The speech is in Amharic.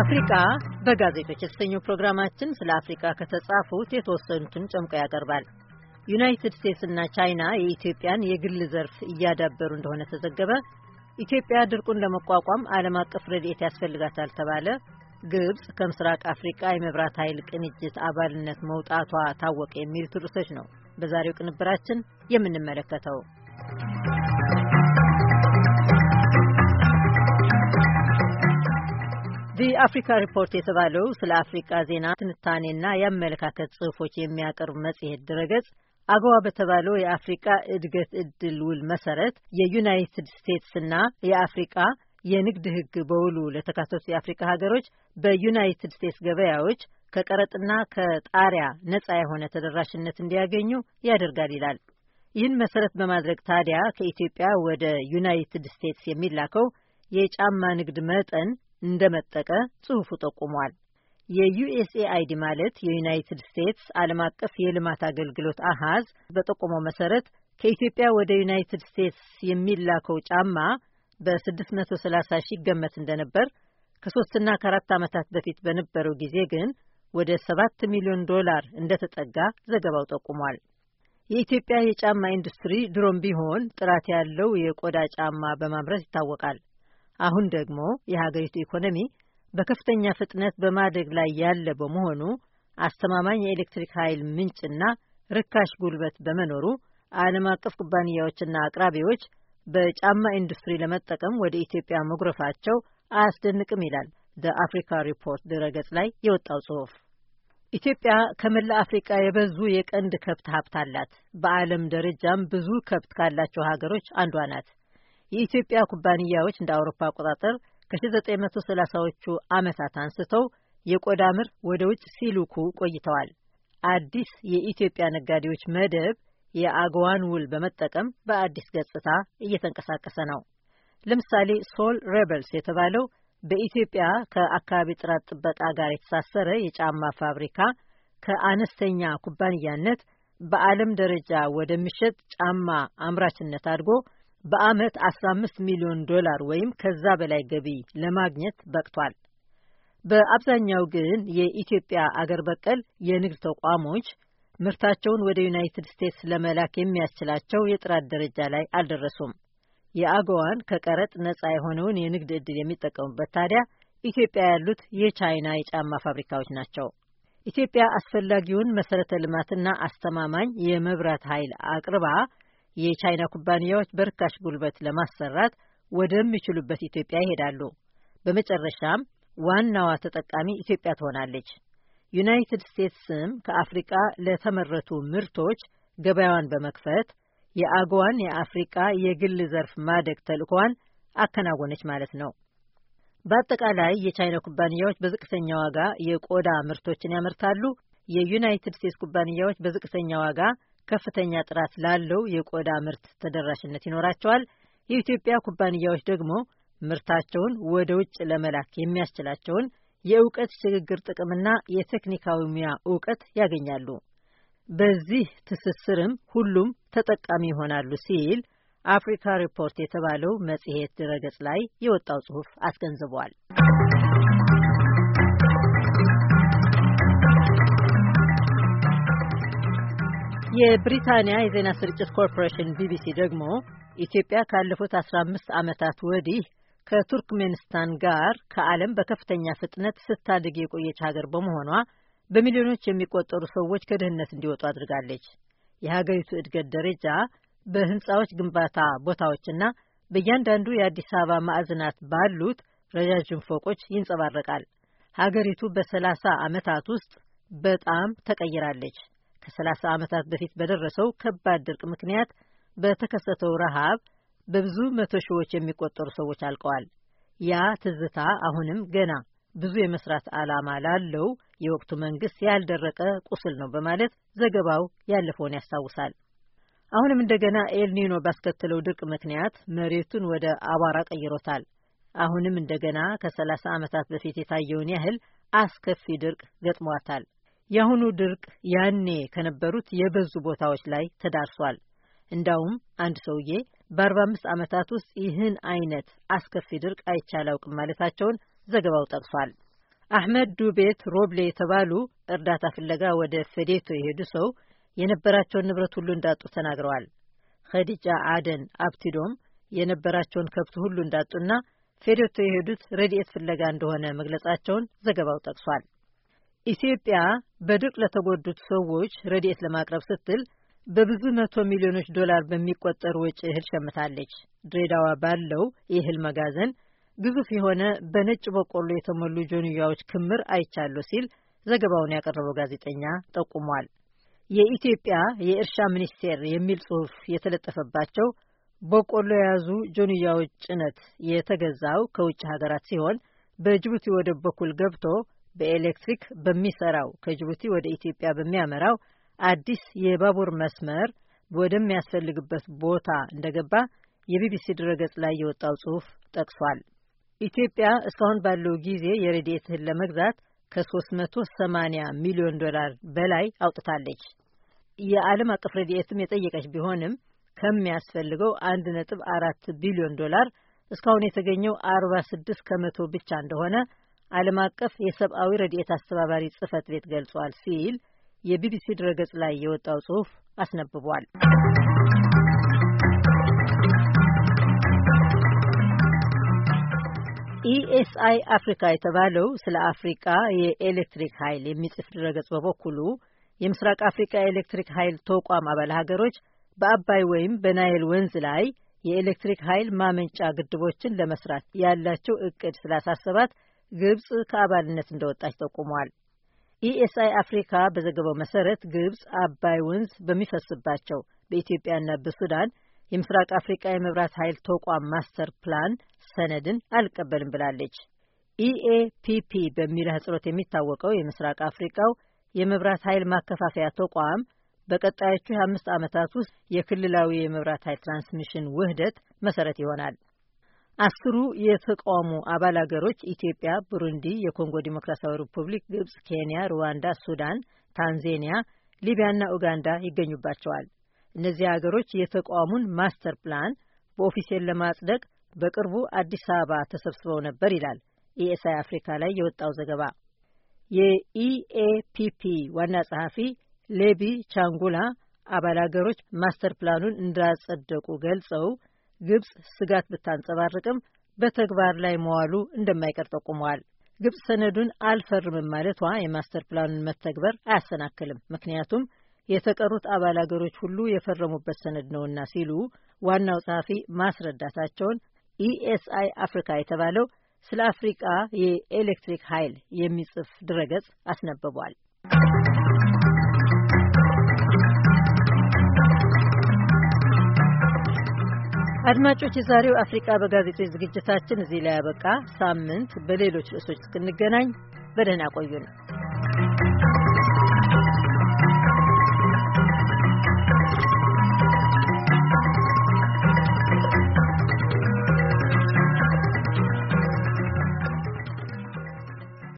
አፍሪካ በጋዜጦች የተሰኘው ፕሮግራማችን ስለ አፍሪካ ከተጻፉት የተወሰኑትን ጨምቆ ያቀርባል። ዩናይትድ ስቴትስ እና ቻይና የኢትዮጵያን የግል ዘርፍ እያዳበሩ እንደሆነ ተዘገበ፣ ኢትዮጵያ ድርቁን ለመቋቋም ዓለም አቀፍ ረድኤት ያስፈልጋታል ተባለ፣ ግብጽ ከምስራቅ አፍሪካ የመብራት ኃይል ቅንጅት አባልነት መውጣቷ ታወቀ የሚሉት ርዕሶች ነው በዛሬው ቅንብራችን የምንመለከተው። የአፍሪካ ሪፖርት የተባለው ስለ አፍሪካ ዜና ትንታኔና የአመለካከት ጽሁፎች የሚያቀርብ መጽሔት ድረገጽ አገዋ በተባለው የአፍሪቃ እድገት እድል ውል መሰረት የዩናይትድ ስቴትስና የአፍሪቃ የንግድ ህግ በውሉ ለተካተቱ የአፍሪካ ሀገሮች በዩናይትድ ስቴትስ ገበያዎች ከቀረጥና ከጣሪያ ነጻ የሆነ ተደራሽነት እንዲያገኙ ያደርጋል ይላል። ይህን መሰረት በማድረግ ታዲያ ከኢትዮጵያ ወደ ዩናይትድ ስቴትስ የሚላከው የጫማ ንግድ መጠን እንደመጠቀ ጽሑፉ ጠቁሟል። የዩኤስኤአይዲ ማለት የዩናይትድ ስቴትስ ዓለም አቀፍ የልማት አገልግሎት አሃዝ በጠቆመው መሰረት ከኢትዮጵያ ወደ ዩናይትድ ስቴትስ የሚላከው ጫማ በ630 ሺህ ይገመት እንደነበር ከሶስትና ከአራት ዓመታት በፊት በነበረው ጊዜ ግን ወደ 7 ሚሊዮን ዶላር እንደተጠጋ ዘገባው ጠቁሟል። የኢትዮጵያ የጫማ ኢንዱስትሪ ድሮም ቢሆን ጥራት ያለው የቆዳ ጫማ በማምረት ይታወቃል። አሁን ደግሞ የሀገሪቱ ኢኮኖሚ በከፍተኛ ፍጥነት በማደግ ላይ ያለ በመሆኑ አስተማማኝ የኤሌክትሪክ ኃይል ምንጭና ርካሽ ጉልበት በመኖሩ ዓለም አቀፍ ኩባንያዎችና አቅራቢዎች በጫማ ኢንዱስትሪ ለመጠቀም ወደ ኢትዮጵያ መጉረፋቸው አያስደንቅም ይላል በአፍሪካ ሪፖርት ድረገጽ ላይ የወጣው ጽሑፍ። ኢትዮጵያ ከመላ አፍሪቃ የበዙ የቀንድ ከብት ሀብት አላት። በዓለም ደረጃም ብዙ ከብት ካላቸው ሀገሮች አንዷ ናት። የኢትዮጵያ ኩባንያዎች እንደ አውሮፓ አቆጣጠር ከ1930ዎቹ ዓመታት አንስተው የቆዳ ምር ወደ ውጭ ሲልኩ ቆይተዋል። አዲስ የኢትዮጵያ ነጋዴዎች መደብ የአገዋን ውል በመጠቀም በአዲስ ገጽታ እየተንቀሳቀሰ ነው። ለምሳሌ ሶል ሬበልስ የተባለው በኢትዮጵያ ከአካባቢ ጥራት ጥበቃ ጋር የተሳሰረ የጫማ ፋብሪካ ከአነስተኛ ኩባንያነት በዓለም ደረጃ ወደሚሸጥ ጫማ አምራችነት አድጎ በዓመት 15 ሚሊዮን ዶላር ወይም ከዛ በላይ ገቢ ለማግኘት በቅቷል። በአብዛኛው ግን የኢትዮጵያ አገር በቀል የንግድ ተቋሞች ምርታቸውን ወደ ዩናይትድ ስቴትስ ለመላክ የሚያስችላቸው የጥራት ደረጃ ላይ አልደረሱም። የአገዋን ከቀረጥ ነጻ የሆነውን የንግድ ዕድል የሚጠቀሙበት ታዲያ ኢትዮጵያ ያሉት የቻይና የጫማ ፋብሪካዎች ናቸው። ኢትዮጵያ አስፈላጊውን መሰረተ ልማትና አስተማማኝ የመብራት ኃይል አቅርባ የቻይና ኩባንያዎች በርካሽ ጉልበት ለማሰራት ወደሚችሉበት ኢትዮጵያ ይሄዳሉ። በመጨረሻም ዋናዋ ተጠቃሚ ኢትዮጵያ ትሆናለች። ዩናይትድ ስቴትስም ከአፍሪቃ ለተመረቱ ምርቶች ገበያዋን በመክፈት የአጎዋን የአፍሪቃ የግል ዘርፍ ማደግ ተልእኳን አከናወነች ማለት ነው። በአጠቃላይ የቻይና ኩባንያዎች በዝቅተኛ ዋጋ የቆዳ ምርቶችን ያመርታሉ። የዩናይትድ ስቴትስ ኩባንያዎች በዝቅተኛ ዋጋ ከፍተኛ ጥራት ላለው የቆዳ ምርት ተደራሽነት ይኖራቸዋል። የኢትዮጵያ ኩባንያዎች ደግሞ ምርታቸውን ወደ ውጭ ለመላክ የሚያስችላቸውን የእውቀት ሽግግር ጥቅምና የቴክኒካዊ ሙያ እውቀት ያገኛሉ። በዚህ ትስስርም ሁሉም ተጠቃሚ ይሆናሉ ሲል አፍሪካ ሪፖርት የተባለው መጽሔት ድረገጽ ላይ የወጣው ጽሑፍ አስገንዝቧል። የብሪታንያ የዜና ስርጭት ኮርፖሬሽን ቢቢሲ ደግሞ ኢትዮጵያ ካለፉት 15 ዓመታት ወዲህ ከቱርክሜንስታን ጋር ከዓለም በከፍተኛ ፍጥነት ስታድግ የቆየች ሀገር በመሆኗ በሚሊዮኖች የሚቆጠሩ ሰዎች ከድህነት እንዲወጡ አድርጋለች። የሀገሪቱ እድገት ደረጃ በህንፃዎች ግንባታ ቦታዎችና በእያንዳንዱ የአዲስ አበባ ማዕዘናት ባሉት ረዣዥም ፎቆች ይንጸባረቃል። ሀገሪቱ በሰላሳ ዓመታት ውስጥ በጣም ተቀይራለች። ከ30 ዓመታት በፊት በደረሰው ከባድ ድርቅ ምክንያት በተከሰተው ረሃብ በብዙ መቶ ሺዎች የሚቆጠሩ ሰዎች አልቀዋል። ያ ትዝታ አሁንም ገና ብዙ የመስራት ዓላማ ላለው የወቅቱ መንግስት ያልደረቀ ቁስል ነው በማለት ዘገባው ያለፈውን ያስታውሳል። አሁንም እንደገና ኤልኒኖ ባስከተለው ድርቅ ምክንያት መሬቱን ወደ አቧራ ቀይሮታል። አሁንም እንደገና ከ30 ዓመታት በፊት የታየውን ያህል አስከፊ ድርቅ ገጥሟታል። የአሁኑ ድርቅ ያኔ ከነበሩት የበዙ ቦታዎች ላይ ተዳርሷል። እንዳውም አንድ ሰውዬ በ45 ዓመታት ውስጥ ይህን አይነት አስከፊ ድርቅ አይቻል አላውቅም ማለታቸውን ዘገባው ጠቅሷል። አህመድ ዱቤት ሮብሌ የተባሉ እርዳታ ፍለጋ ወደ ፌዴቶ የሄዱ ሰው የነበራቸውን ንብረት ሁሉ እንዳጡ ተናግረዋል። ኸዲጃ አደን አብቲዶም የነበራቸውን ከብት ሁሉ እንዳጡና ፌዴቶ የሄዱት ረድኤት ፍለጋ እንደሆነ መግለጻቸውን ዘገባው ጠቅሷል። ኢትዮጵያ በድርቅ ለተጎዱት ሰዎች ረድኤት ለማቅረብ ስትል በብዙ መቶ ሚሊዮኖች ዶላር በሚቆጠር ወጪ እህል ሸምታለች። ድሬዳዋ ባለው የእህል መጋዘን ግዙፍ የሆነ በነጭ በቆሎ የተሞሉ ጆንያዎች ክምር አይቻለሁ ሲል ዘገባውን ያቀረበው ጋዜጠኛ ጠቁሟል። የኢትዮጵያ የእርሻ ሚኒስቴር የሚል ጽሑፍ የተለጠፈባቸው በቆሎ የያዙ ጆንያዎች ጭነት የተገዛው ከውጭ ሀገራት ሲሆን በጅቡቲ ወደብ በኩል ገብቶ በኤሌክትሪክ በሚሰራው ከጅቡቲ ወደ ኢትዮጵያ በሚያመራው አዲስ የባቡር መስመር ወደሚያስፈልግበት ቦታ እንደገባ የቢቢሲ ድረገጽ ላይ የወጣው ጽሑፍ ጠቅሷል። ኢትዮጵያ እስካሁን ባለው ጊዜ የረድኤት እህል ለመግዛት ከ380 ሚሊዮን ዶላር በላይ አውጥታለች። የዓለም አቀፍ ረድኤትም የጠየቀች ቢሆንም ከሚያስፈልገው 1.4 ቢሊዮን ዶላር እስካሁን የተገኘው 46 ከመቶ ብቻ እንደሆነ ዓለም አቀፍ የሰብአዊ ረድኤት አስተባባሪ ጽህፈት ቤት ገልጿል ሲል የቢቢሲ ድረገጽ ላይ የወጣው ጽሑፍ አስነብቧል። ኢኤስአይ e አፍሪካ የተባለው ስለ አፍሪካ የኤሌክትሪክ ኃይል የሚጽፍ ድረገጽ በበኩሉ የምስራቅ አፍሪካ የኤሌክትሪክ ኃይል ተቋም አባል ሀገሮች በአባይ ወይም በናይል ወንዝ ላይ የኤሌክትሪክ ኃይል ማመንጫ ግድቦችን ለመስራት ያላቸው እቅድ ስላሳሰባት ግብፅ ከአባልነት እንደወጣች ጠቁሟል። ኢኤስአይ e አፍሪካ በዘገበው መሰረት ግብፅ አባይ ወንዝ በሚፈስባቸው በኢትዮጵያና በሱዳን የምስራቅ አፍሪቃ የመብራት ኃይል ተቋም ማስተር ፕላን ሰነድን አልቀበልም ብላለች። ኢኤፒፒ e በሚል ሕጽሮት የሚታወቀው የምስራቅ አፍሪቃው የመብራት ኃይል ማከፋፈያ ተቋም በቀጣዮቹ የአምስት ዓመታት ውስጥ የክልላዊ የመብራት ኃይል ትራንስሚሽን ውህደት መሰረት ይሆናል። አስሩ የተቋሙ አባል አገሮች ኢትዮጵያ፣ ብሩንዲ፣ የኮንጎ ዲሞክራሲያዊ ሪፑብሊክ፣ ግብጽ፣ ኬንያ፣ ሩዋንዳ፣ ሱዳን፣ ታንዜኒያ፣ ሊቢያና ኡጋንዳ ይገኙባቸዋል። እነዚህ አገሮች የተቋሙን ማስተር ፕላን በኦፊሴል ለማጽደቅ በቅርቡ አዲስ አበባ ተሰብስበው ነበር ይላል ኢኤስአይ አፍሪካ ላይ የወጣው ዘገባ። የኢኤፒፒ ዋና ጸሐፊ ሌቢ ቻንጉላ አባል አገሮች ማስተር ፕላኑን እንዳጸደቁ ገልጸው ግብጽ ስጋት ብታንጸባርቅም በተግባር ላይ መዋሉ እንደማይቀር ጠቁመዋል። ግብጽ ሰነዱን አልፈርምም ማለቷ የማስተር ፕላኑን መተግበር አያሰናክልም፣ ምክንያቱም የተቀሩት አባል አገሮች ሁሉ የፈረሙበት ሰነድ ነውና ሲሉ ዋናው ጸሐፊ ማስረዳታቸውን ኢኤስአይ አፍሪካ የተባለው ስለ አፍሪቃ የኤሌክትሪክ ኃይል የሚጽፍ ድረገጽ አስነብቧል። አድማጮች፣ የዛሬው አፍሪቃ በጋዜጦች ዝግጅታችን እዚህ ላይ ያበቃ። ሳምንት በሌሎች ርዕሶች እስክንገናኝ በደህና ቆዩ ነው።